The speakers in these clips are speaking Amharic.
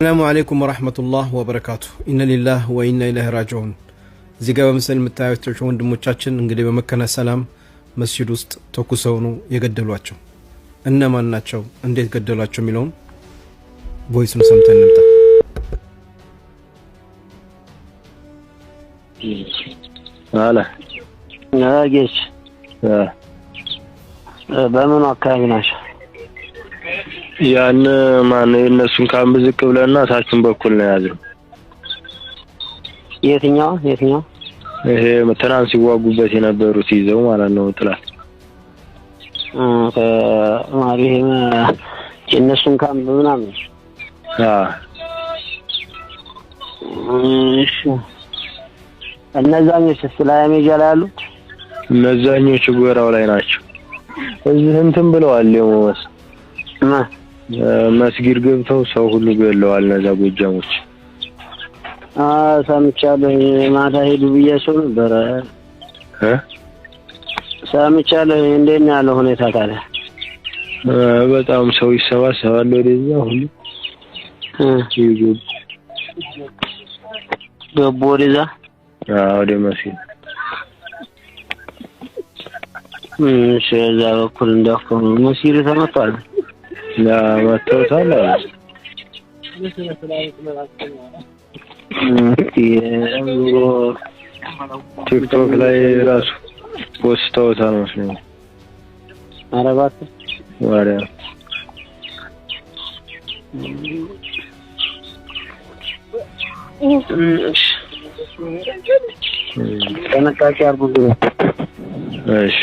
ሰላሙ አሌይኩም ወራህመቱላህ ወበረካቱ። ኢና ሊላህ ወኢና ኢለህ ራጂዑን። እዚህ ጋር በምስል የምታያቸው ወንድሞቻችን እንግዲህ በመከነ ሰላም መስጅድ ውስጥ ተኩሰው የገደሏቸው። እነማን ናቸው? እንዴት ገደሏቸው? የሚለውን ቦይሱን ሰምተን እንምጣ። በምኑ አካባቢ ናቸው? ያን ማን የእነሱን ካምብ ዝቅ ብለና ታችን በኩል ነው የያዝነው። የትኛው የትኛው? ይሄ ትናንት ሲዋጉበት የነበሩት ይዘው ማለት ነው ጥላት ይሄ የእነሱን ካምብ ምናምን እነዛኞች ላይ ሜጃ ላይ ያሉ እነዛኞቹ ጎራው ላይ ናቸው። እዚህ እንትን ብለዋል ማ መስጊድ ገብተው ሰው ሁሉ ገለዋል። እነዛ ጎጃሞች ሰምቻለሁ። ማታ ሄዱ ሰው ነበረ ሰምቻለሁ። እንዴት ነው ያለው ሁኔታ ታዲያ? በጣም ሰው ይሰባሰባል ወደዛ ሁሉ ገቡ ወደዛ ወደ መስጊድ እዛ በኩል መስጊድ ተመቷል። መተውታል አለ። ቲክቶክ ላይ ራሱ ፖስተውታል መስሎኝ። ኧረ እባክህ ማርያም ጥንቃቄ አድርጉ። እሺ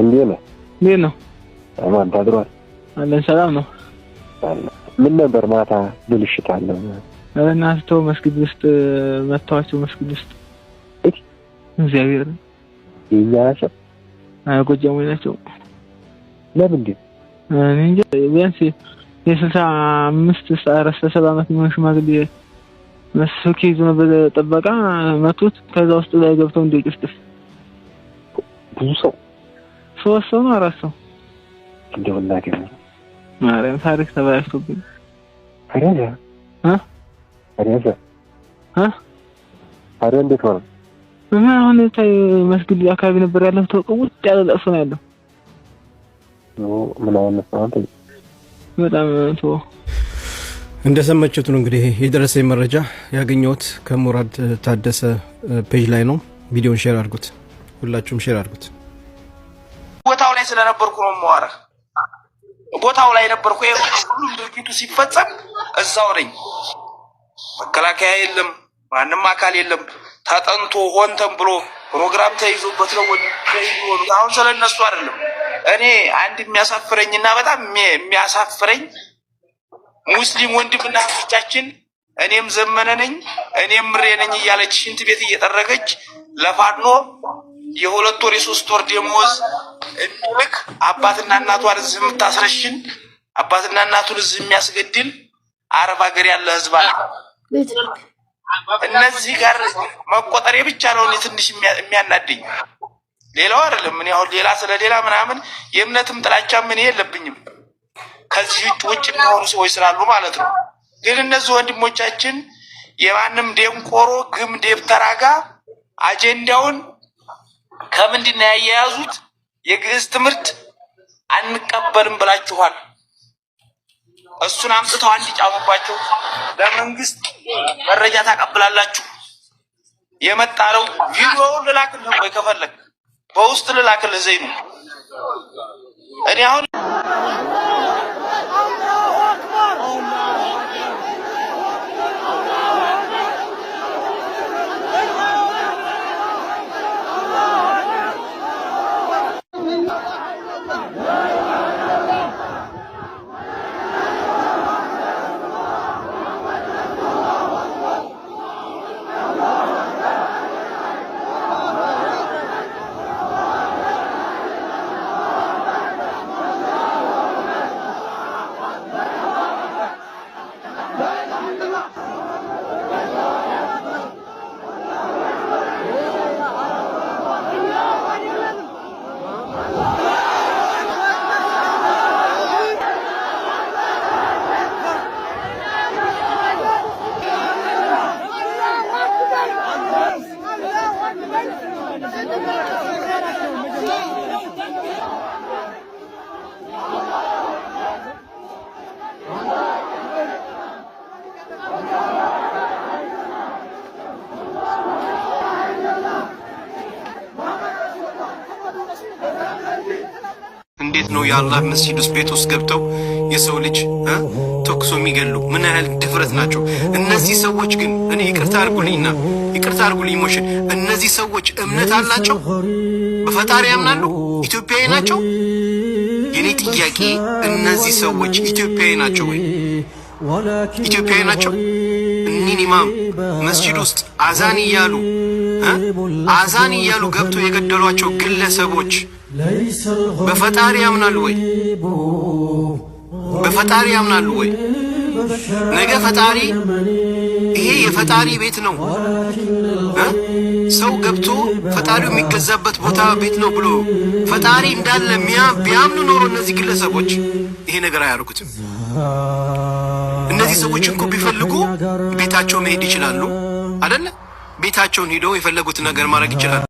እንዴት ነህ? እንዴት ነው? አማን ታድሯል? አለን ሰላም ነው። ምን ነበር ማታ ብልሽት አለ? እናስቶ መስጊድ ውስጥ መተዋቸው መስጊድ ውስጥ እግዚአብሔር የእኛ ናቸው። ጎጃሙ ናቸው። ለምንድን እኔ እንጃ። ቢያንስ የስልሳ አምስት አራት ሰባ ዓመት የሚሆን ሽማግሌ መስኪ ይዞ ነበር ጠበቃ መቱት። ከዛ ውስጥ ላይ ገብተው እንደ ጭፍጥፍ ብዙ ሰው ሶስት ሰው ነው አራት ሰው እንደው እናቴ ነው ማርያም ታሪክ ተበላሽቶብኝ። አረጋ እ አረጋ እ ታዲያ እንዴት ሆነ? እና አሁን ታይ መስጊድ አካባቢ ነበር ያለው ተቀውጥ ያለ ለሱ ነው ያለው። ኦ ምን አይነት ነው በጣም ተወ። እንደሰማችሁት ነው እንግዲህ የደረሰኝ መረጃ ያገኘሁት ከሙራድ ታደሰ ፔጅ ላይ ነው። ቪዲዮን ሼር አድርጉት፣ ሁላችሁም ሼር አድርጉት። ላይ ስለነበርኩ ነው የማወራህ። ቦታው ላይ ነበርኩ። ሁሉም ድርጊቱ ሲፈጸም እዛው ነኝ። መከላከያ የለም፣ ማንም አካል የለም። ተጠንቶ ሆንተን ብሎ ፕሮግራም ተይዞበት ነው ወደሆኑት። አሁን ስለነሱ አይደለም። እኔ አንድ የሚያሳፍረኝ እና በጣም የሚያሳፍረኝ ሙስሊም ወንድምና ብቻችን እኔም ዘመነ ነኝ እኔም ምሬ ነኝ እያለች ሽንት ቤት እየጠረገች ለፋኖ የሁለት ወር የሶስት ወር ደሞዝ እንልክ አባትና እናቷን እዚህ የምታስረሽን አባትና እናቱን እዚህ የሚያስገድል አረብ ሀገር ያለ ህዝብ አለ። እነዚህ ጋር መቆጠሬ ብቻ ነው እኔ ትንሽ የሚያናደኝ፣ ሌላው አይደለም። እኔ አሁን ሌላ ስለ ሌላ ምናምን የእምነትም ጥላቻ ምን የለብኝም ከዚህ ውጭ የሚሆኑ ሰዎች ስላሉ ማለት ነው። ግን እነዚህ ወንድሞቻችን የማንም ደንቆሮ ግም ደብተራ አጀንዳውን ከምንድን ነው ያያያዙት? የግዕዝ ትምህርት አንቀበልም ብላችኋል። እሱን አምጥተው አንድ ለመንግስት መረጃ ታቀብላላችሁ። የመጣ ነው። ቪዲዮውን ልላክልህ ወይ ከፈለግ በውስጥ ልላክልህ። ዘይኑ እኔ አሁን እንዴት ነው የአላህ መስጂድ ውስጥ ቤት ውስጥ ገብተው የሰው ልጅ ተኩሶ የሚገሉ? ምን ያህል ድፍረት ናቸው እነዚህ ሰዎች! ግን እኔ ይቅርታ አርጉልኝና ይቅርታ አርጉልኝ ሞሽን፣ እነዚህ ሰዎች እምነት አላቸው፣ በፈጣሪ ያምናሉ፣ ኢትዮጵያዊ ናቸው። የኔ ጥያቄ እነዚህ ሰዎች ኢትዮጵያዊ ናቸው ወይ? ኢትዮጵያዊ ናቸው? እኒን ኢማም መስጂድ ውስጥ አዛን እያሉ አዛን እያሉ ገብቶ የገደሏቸው ግለሰቦች በፈጣሪ ያምናሉ ወይ? በፈጣሪ ያምናሉ ወይ? ነገ ፈጣሪ ይሄ የፈጣሪ ቤት ነው፣ ሰው ገብቶ ፈጣሪው የሚገዛበት ቦታ ቤት ነው ብሎ ፈጣሪ እንዳለ ቢያምኑ ኖሮ እነዚህ ግለሰቦች ይሄ ነገር አያደርጉትም። እነዚህ ሰዎች እንኳ ቢፈልጉ ቤታቸው መሄድ ይችላሉ አደለ? ቤታቸውን ሂደው የፈለጉትን ነገር ማድረግ ይችላሉ።